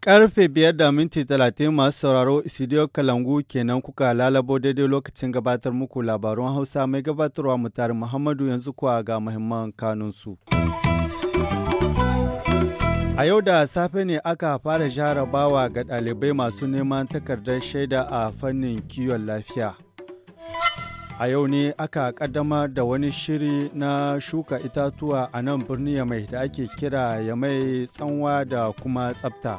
Karfe biyar da minti talatin masu sauraro studio Kalangu kenan kuka lalabo daidai lokacin gabatar muku labarun Hausa mai gabatarwa mutare Muhammadu yanzu kuwa ga muhimman kanunsu. su. A yau da safe ne aka fara jarabawa ga ɗalibai masu neman takardar shaida a fannin kiwon lafiya. A yau ne aka ƙaddamar da wani shiri na shuka itatuwa a nan birni mai da ake kira ya mai tsanwa da kuma tsafta.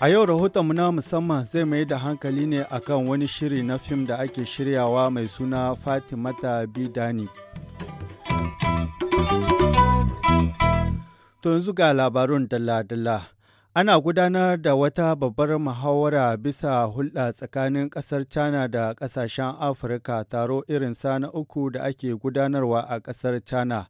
A yau rahotonmu na musamman zai mai da hankali ne akan wani shiri na fim da ake shiryawa mai suna Fatimata Bidani. To yanzu ga labarun dalla-dalla. Ana gudanar da wata babbar muhawara bisa hulɗa tsakanin ƙasar China da ƙasashen Afirka taro irinsa na uku da ake gudanarwa a ƙasar China.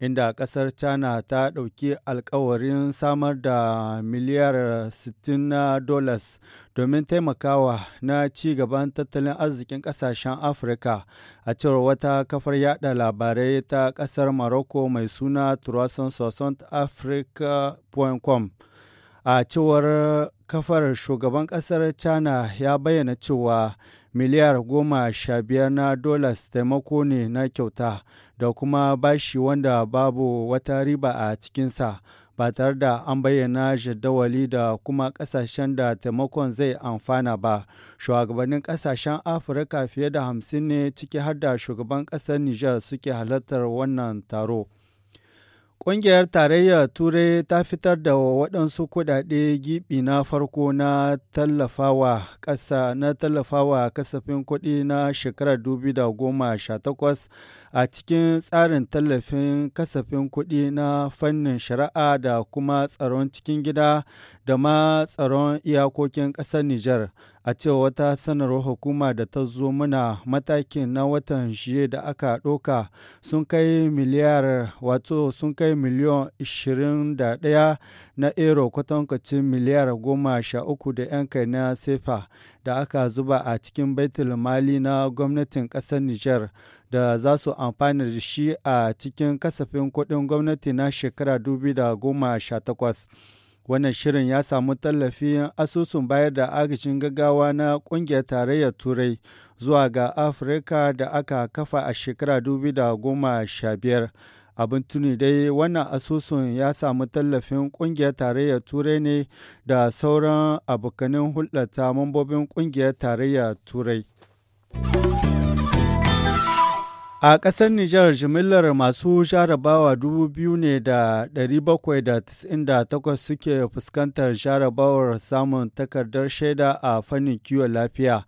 inda ƙasar China ta ɗauki alkawarin samar da miliyar 60 na dollars domin taimakawa na ci gaban tattalin arzikin ƙasashen Afirka a cewar wata kafar yada labarai ta ƙasar Morocco mai suna Turasan Sosant Africa.com. A cewar kafar shugaban ƙasar China ya bayyana cewa miliyar goma sha biyar na dolas taimako ne na kyauta da kuma bashi wanda babu wata riba a cikinsa ba tare da an bayyana jadawali da kuma kasashen da taimakon zai amfana ba shugabannin kasashen afirka fiye da hamsin ne ciki har da shugaban ƙasar Nijar suke halartar wannan taro Ƙungiyar Tarayyar Turai ta fitar da waɗansu kuɗaɗe gibi na farko na tallafawa ƙasa na tallafawa kasafin kuɗi na shekarar 2018 a cikin tsarin tallafin kasafin kuɗi na fannin shari'a da kuma tsaron cikin gida da ma tsaron iyakokin ƙasar Nijar. A cewa wata sanarwar hukuma da ta zo muna matakin na watan shiye da aka ɗoka sun kai miliyar wato sun kai miliyan 21 na ero kwatankwacin miliyar 13 da 'yan kai na sefa da aka zuba a cikin baitul mali na gwamnatin ƙasar Nijar. da za su amfana da shi a cikin kasafin kuɗin gwamnati na shekara 2018. Wannan shirin ya samu tallafin asusun bayar da agajin gaggawa na ƙungiyar tarayyar Turai zuwa ga Afirka da aka kafa a shekara 2015. Abin tuni dai wannan asusun ya samu tallafin ƙungiyar tarayyar Turai ne da sauran abokanin hulɗata mambobin ƙungiyar tarayyar Turai. A ƙasar Nijar jimillar masu jarabawa 2,798 suke fuskantar jarabawar samun takardar shaida a fannin kiwon lafiya,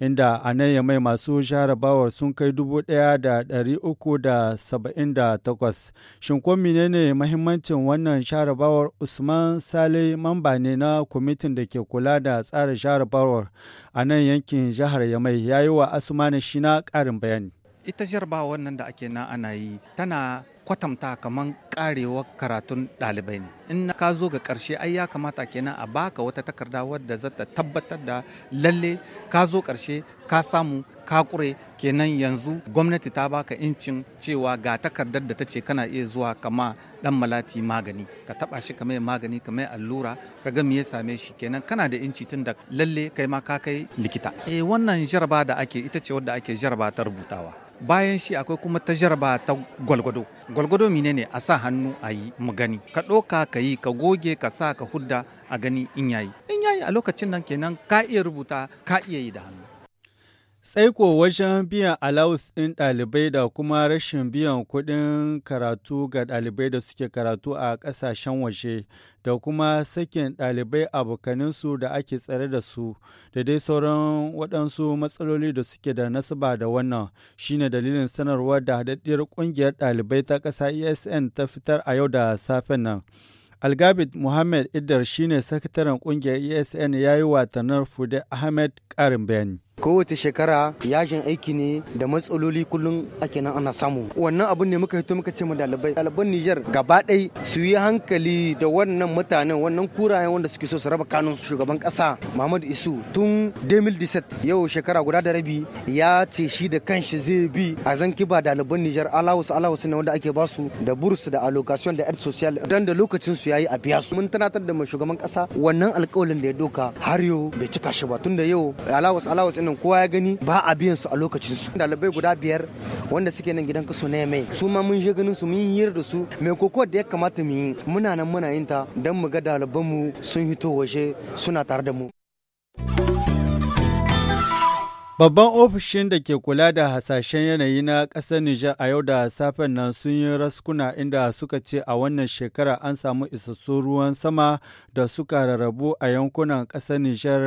inda a nan mai masu jarabawar sun kai 1,378. Shin ko menene mahimmancin wannan jarabawar Usman Sale mamba ne na kwamitin da ke kula da tsara jarabawar a nan yankin jihar Yamai ya yi wa Asumani Shina ƙarin bayani. ita jarabawar wannan da ake na ana yi tana kwatamta kamar karewar karatun ɗalibai ne in ka zo ga ƙarshe ai ya kamata kenan a baka wata takarda wadda za tabbatar da lalle ka zo ƙarshe ka samu ka ƙure kenan yanzu gwamnati ta baka incin cewa ga takardar da ta ce kana iya zuwa kama ɗan malati magani ka taɓa shi ka magani ka allura ka ga me ya same shi kenan kana da inci tun da lalle kai ma ka kai likita eh wannan jaraba da ake ita ce wadda ake jaraba ta rubutawa bayan shi akwai kuma tajarba ta gwalgwado gwalgwado mine ne a sa hannu a yi mu gani ka ɗoka ka yi ka goge ka sa ka hudda a gani in yayi in yayi a lokacin nan kenan ka iya rubuta ka iya yi da hannu Tsaiko wajen biyan alawus ɗin ɗalibai da kuma rashin biyan kuɗin karatu ga ɗalibai da suke karatu a ƙasashen waje da kuma sakin ɗalibai abokaninsu da ake tsare da su da dai sauran waɗansu matsaloli da suke da nasaba da wannan shine dalilin sanarwa da haɗaɗɗiyar ƙungiyar ɗalibai ta ƙasa esn ta fitar a yau da safen nan. Algabit Muhammad Idar shine sakataren ƙungiyar ESN ya yi watanar Fude Ahmed ƙarin bayani. kowace shekara yashin aiki ne da matsaloli kullum ake nan ana samu wannan abun ne muka hito muka ce mu dalibai ɗaliban Nijar gaba ɗai su yi hankali da wannan mutanen wannan kurayen wanda suke so su raba kanun shugaban kasa. Muhammadu Isu tun 2017 yau shekara guda da rabi ya ce shi da kanshi zai bi a zanki ba ɗaliban Nijar alawus alawus ne wanda ake ba su da bursu da allocation da aid social dan da lokacin su yayi a biya su mun tunatar da mu shugaban kasa. wannan alƙawarin da ya doka har yau bai cika shi ba tun da yau alawus alawus ɗin nan kowa ya gani ba a biyan su a lokacin su dalibai guda biyar wanda suke nan gidan kaso na mai su ma mun je ganin su mun yi da su mai koko da ya kamata mu yi muna nan muna yin ta dan mu ga daliban mu sun hito waje suna tare da mu Babban ofishin da ke kula da hasashen yanayi na ƙasar Nijar a yau da safen nan sun yi raskuna inda suka ce a wannan shekara an samu isassun ruwan sama da suka rarrabu a yankunan ƙasar Nijar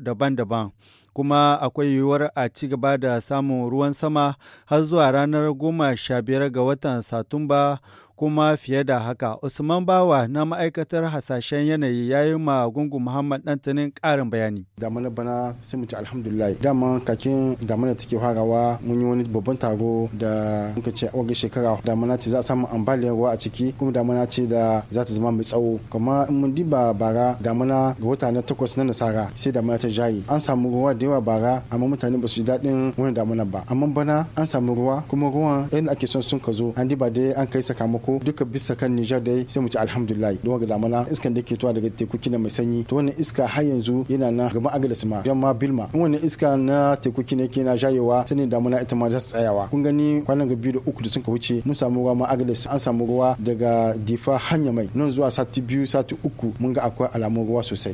daban-daban. kuma akwai yiwuwar a ci gaba da samun ruwan sama har zuwa ranar goma sha biyar ga watan Satumba kuma fiye da haka. Usman Bawa na ma'aikatar hasashen yanayi ya yi ma gungun Muhammad Dantanin ƙarin bayani. Damana bana sai mu alhamdulillah. Dama kakin damana take farawa mun yi wani babban taro da muka ce a shekara damana ce za a samu ambaliyar ruwa a ciki kuma damana ce da za ta zama mai tsawo. Kuma in mun diba bara damana ga wata na takwas na nasara sai damana ta jaye. An samu ruwa da yawa bara amma mutane ba su ji daɗin wani damana ba. Amma bana an samu ruwa kuma ruwan yadda ake son sun ka zo an diba dai an kai sakamako ko duka bisa kan Nijar dai sai mu ci alhamdulillah don ga damana iskan da ke tuwa daga teku kina mai sanyi to wannan iska har yanzu yana na gaba agadas ma jan ma bilma in wannan iska na teku kina ke na jayewa sai damana ita ma za su tsayawa kun gani kwanan ga biyu da uku da sun ka wuce mun samu ruwa ma agadas an samu ruwa daga difa hanya mai nan zuwa sati biyu sati uku mun ga akwai alamun ruwa sosai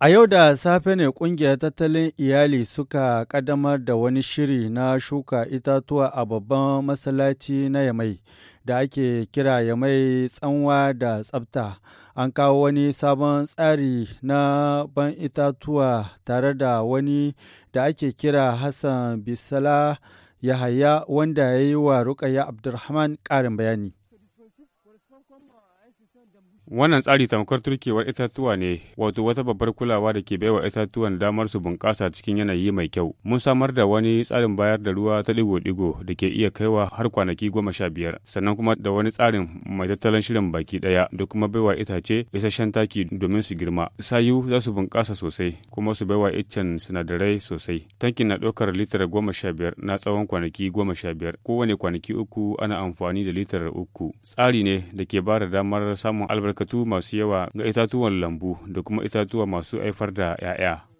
A yau da safe ne kungiyar tattalin iyali suka kaddamar da wani shiri na shuka itatuwa a babban masallaci na Yamai. da ake kira ya mai tsanwa da tsabta. An kawo wani sabon tsari na ban itatuwa tare da wani da ake kira Hassan Bisala Yahaya wanda ya yi wa Rukaya Abdulrahman ƙarin bayani. Wannan tsari tamkar turkewar itatuwa ne, wato wata babbar kulawa da ke baiwa itatuwan damar su bunƙasa cikin yanayi mai kyau. Mun samar da wani tsarin bayar da ruwa ta ɗigo digo da ke iya kaiwa har kwanaki goma sha biyar, sannan kuma da wani tsarin mai tattalin shirin baki ɗaya da kuma baiwa itace isasshen taki domin su girma. Sayu za su bunƙasa sosai kuma su baiwa iccen sinadarai sosai. Tankin na ɗaukar litar goma sha biyar na tsawon kwanaki goma sha biyar. Kowane kwanaki uku ana amfani da litar uku. Tsari ne da ke ba da damar samun albarkatu albarkatu masu yawa ga itatuwan lambu da kuma itatuwa masu haifar da 'ya'ya.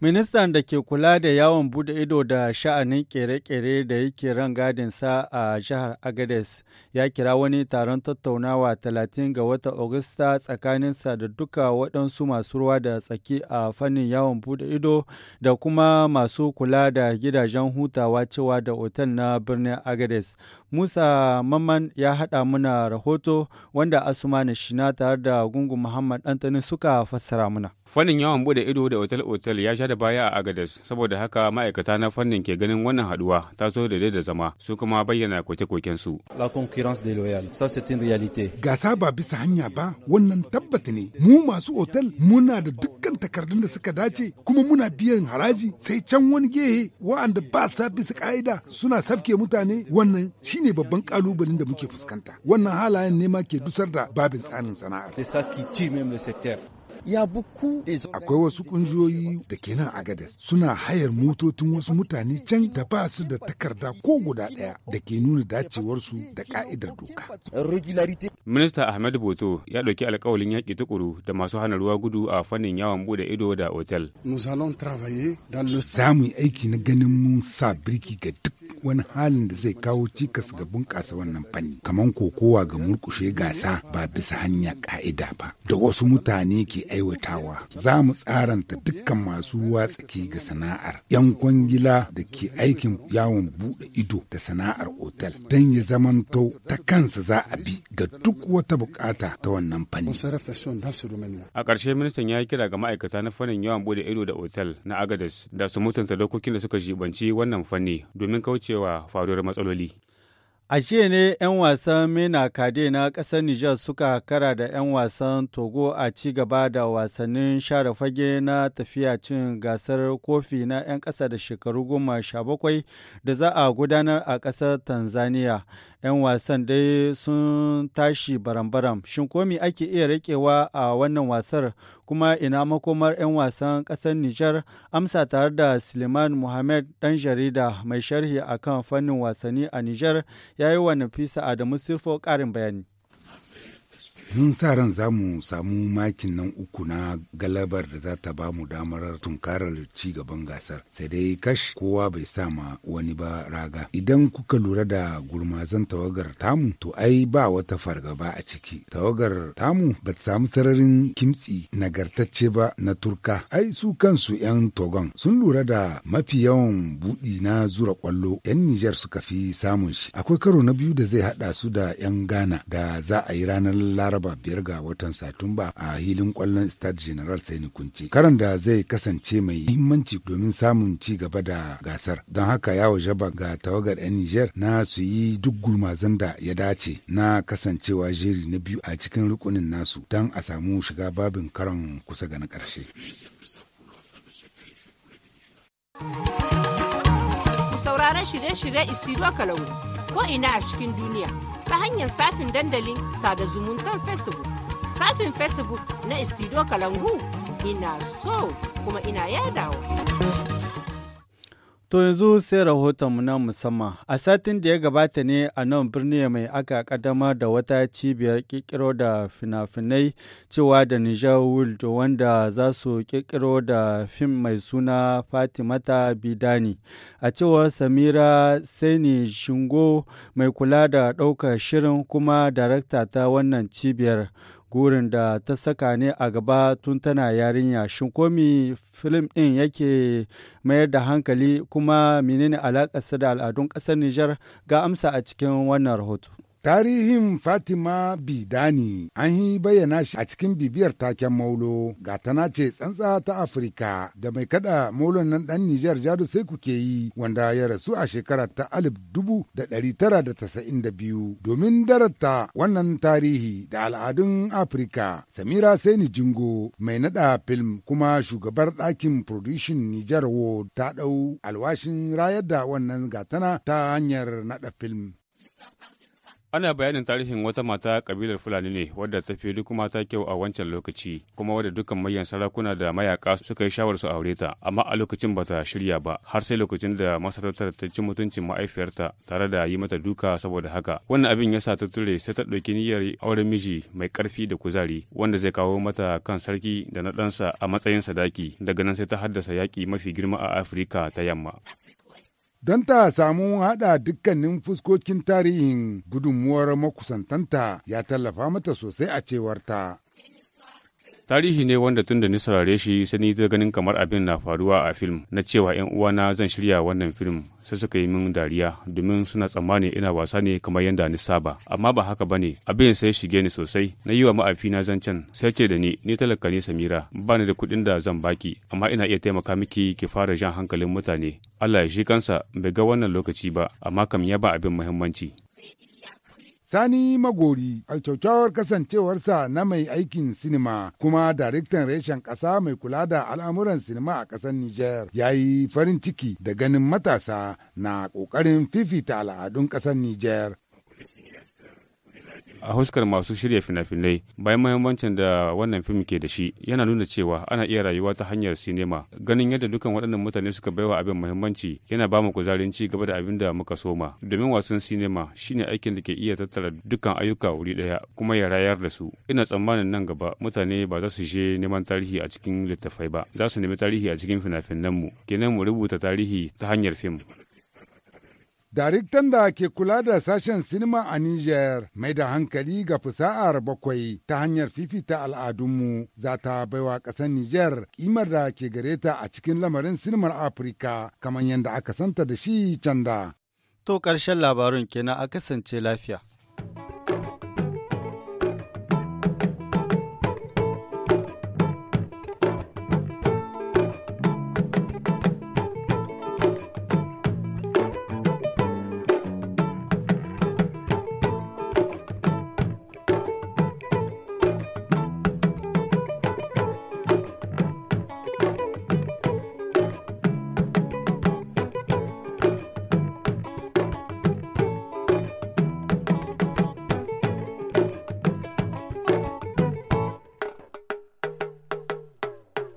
Ministan da ke kula da yawon bude ido da sha'anin kere-kere da yake ran rangadinsa a jihar Agades ya kira wani taron tattaunawa 30 ga wata Agusta tsakaninsa da duka waɗansu masu ruwa da tsaki a fannin yawon bude ido da kuma masu kula da gidajen hutawa cewa da otal na birnin Agades. Musa Maman ya haɗa mana rahoto wanda Asumani Shina tare da Gungun Muhammad Antani suka fassara mana. fannin yawan bude ido da otal-otal ya sha da baya a agadas saboda haka ma'aikata na fannin ke ganin wannan haduwa ta so da da zama su kuma bayyana koke-koken su la concurrence loyal ça c'est une réalité gasa ba bisa hanya ba wannan tabbata ne mu masu otal muna da dukkan takardun da suka dace kuma muna biyan haraji sai can wani gehe wa'anda ba sa bisa ka'ida suna safke mutane wannan shine babban kalubalen da muke fuskanta wannan halayen ne ma ke dusar da babin tsarin sana'ar Akwai wasu ƙungiyoyi da ke nan Agades suna hayar motocin wasu mutane can da ba su da takarda ko guda ɗaya da ke nuna dacewarsu da ka'idar doka. Minista Ahmed Boto ya ɗauki alkawalin yaki tukuru da masu hana ruwa gudu a fannin yawon bude ido da otel. zamu yi aiki na ganin mun sa birki ga duk wani halin da zai kawo cikas ga bunƙasa wannan fanni kamar kokowa ga murkushe gasa ba bisa hanya ka'ida ba da wasu mutane ke aiki aiwatawa za mu tsaranta dukkan masu watsaki ga sana'ar yan kwangila da ke aikin yawon buɗe ido da sana'ar otal don ya zamanto ta kansa za a bi ga duk wata bukata ta wannan fanni a ƙarshe ministan ya yi kira ga ma'aikata na fannin yawon buɗe ido da otal na agadas da su mutunta dokokin da suka jibanci wannan fanni domin kaucewa faruwar matsaloli A jiya ne 'yan wasan Mena Kade na ƙasar Nijar suka kara da 'yan wasan Togo a ci gaba da wasannin share fage na tafiya cin gasar kofi na 'yan ƙasa da shekaru goma sha bakwai da za a gudanar a ƙasar Tanzania. 'Yan wasan dai sun tashi baram-baram. Shin komi ake iya rikewa a wannan wasar kuma ina makomar 'yan wasan ƙasar Nijar amsa tare da Suleiman Mohammed ɗan jarida mai sharhi akan fannin wasanni a Nijar ya yi wa Nafisa Adamu Sirfo ƙarin bayani. mun sa ran za mu samu makin nan uku na galabar da za ta ba mu damar tunkarar ci gaban gasar sai dai kash kowa bai sa ma wani ba raga idan kuka lura da gurmazan tawagar tamu to ai ba wata fargaba a ciki tawagar tamu ba ta samu sararin kimtsi nagartacce ba na turka ai su kansu 'yan togon sun lura da mafi yawan buɗi na zura kwallo 'yan nijar suka fi samun shi akwai karo na biyu da zai haɗa su da 'yan ghana da za a yi ranar laraba biyar ga watan satumba a hilin kwallon stade general ni kunce karan da zai kasance mai muhimmanci domin samun ci gaba da gasar don haka ya ba ga tawagar 'yan niger na su yi duk gurmazan da ya dace na kasancewa jeri na biyu a cikin rukunin nasu don a samu shiga babin karon kusa ga na karshe. Sauraron shirye-shirye Istiro Kalau ko ina a cikin duniya ta hanyar safin dandalin sada zumuntar facebook safin facebook na istido kalangu ina so kuma ina yadawa. To yanzu sai rahotonmu na musamman. A satin da ya gabata ne a nan birni mai aka kaddamar da wata cibiyar kirkiro da fina-finai cewa da Nijar World wanda za su kirkiro da fim mai suna Fatimata Bidani. A cewar Samira Saini Shingo mai kula da ɗaukar shirin kuma darakta ta wannan cibiyar. gurin da ta saka ne a gaba tun tana yarinya shin komi film ɗin yake mayar da hankali kuma menene alaƙarsa da al'adun ƙasar Nijar ga amsa a cikin wannan rahoto. Tarihin Fatima Bidani an yi bayyana shi a cikin bibiyar taken Maulo, gatana ce tsantsa ta Afirka da mai kada Maulon nan ɗan Nijar Jadu sai kuke yi wanda ya rasu a shekara ta alif dubu da ɗari tara da tasa'in da biyu. Domin darata wannan tarihi da al'adun Afirka, Samira Saini Jingo mai nada film kuma shugabar ɗakin Production Nijar wo ta ɗau alwashin rayar da wannan gatana ta hanyar nada film. Ana bayanin tarihin wata mata kabilar Fulani ne wadda ta fi duk mata kyau a wancan lokaci kuma wadda dukkan manyan sarakuna da mayaka suka yi shawar su aure ta amma a lokacin bata shirya ba har sai lokacin da masarautar ta ci mutuncin ma'aifiyarta tare da yi mata duka saboda haka wannan abin ya sa ta ture sai ta ɗauki niyyar auren miji mai ƙarfi da kuzari wanda zai kawo mata kan sarki da na ɗansa a matsayin sadaki daga nan sai ta haddasa yaƙi mafi girma a Afirka ta yamma. don ta samu haɗa dukkanin fuskokin tarihin gudunmuwar makusantanta ya tallafa mata sosai a cewarta. Tarihi ne wanda tun da ni saurare shi sai ni ta ganin kamar abin na faruwa a film na cewa 'yan uwana zan shirya wannan film sai suka yi min dariya domin suna tsammani ina wasa ne kamar yadda ni saba amma ba haka bane abin sai shige ni sosai na yi wa ma'afi na zancen sai ce da ni ni talaka ne Samira ba ni da kuɗin da zan baki amma ina iya taimaka miki ki fara jan hankalin mutane Allah ya shi kansa bai ga wannan lokaci ba amma kam ya ba abin muhimmanci Sani Magori a kyaukyawar kasancewarsa na mai aikin sinima kuma daraktan reshen ƙasa mai kula da al'amuran sinima a ƙasar Nijar ya yi farin ciki da ganin matasa na ƙoƙarin fifita al'adun ƙasar Nijar. a huskar masu shirya fina-finai bayan mahimmancin da wannan fim ke da shi yana nuna cewa ana iya rayuwa ta hanyar sinema ganin yadda dukan waɗannan mutane suka baiwa abin mahimmanci yana ba mu kuzarin ci gaba da abin da muka soma domin wasan sinema shine aikin da ke iya tattara dukkan ayyuka wuri ɗaya kuma ya rayar da su ina tsammanin nan gaba mutane ba za su je neman tarihi a cikin littattafai ba za su nemi tarihi a cikin fina mu kenan mu rubuta tarihi ta hanyar fim Daraktan da ke kula da sashen sinima a Niger mai da hankali ga fusa'ar bakwai ta hanyar fifita al'adunmu za ta baiwa ƙasar Niger kimar da ke gare ta a cikin lamarin sinimar Afirka kamar yadda aka santa da shi can da. To ƙarshen labarun kenan a kasance lafiya.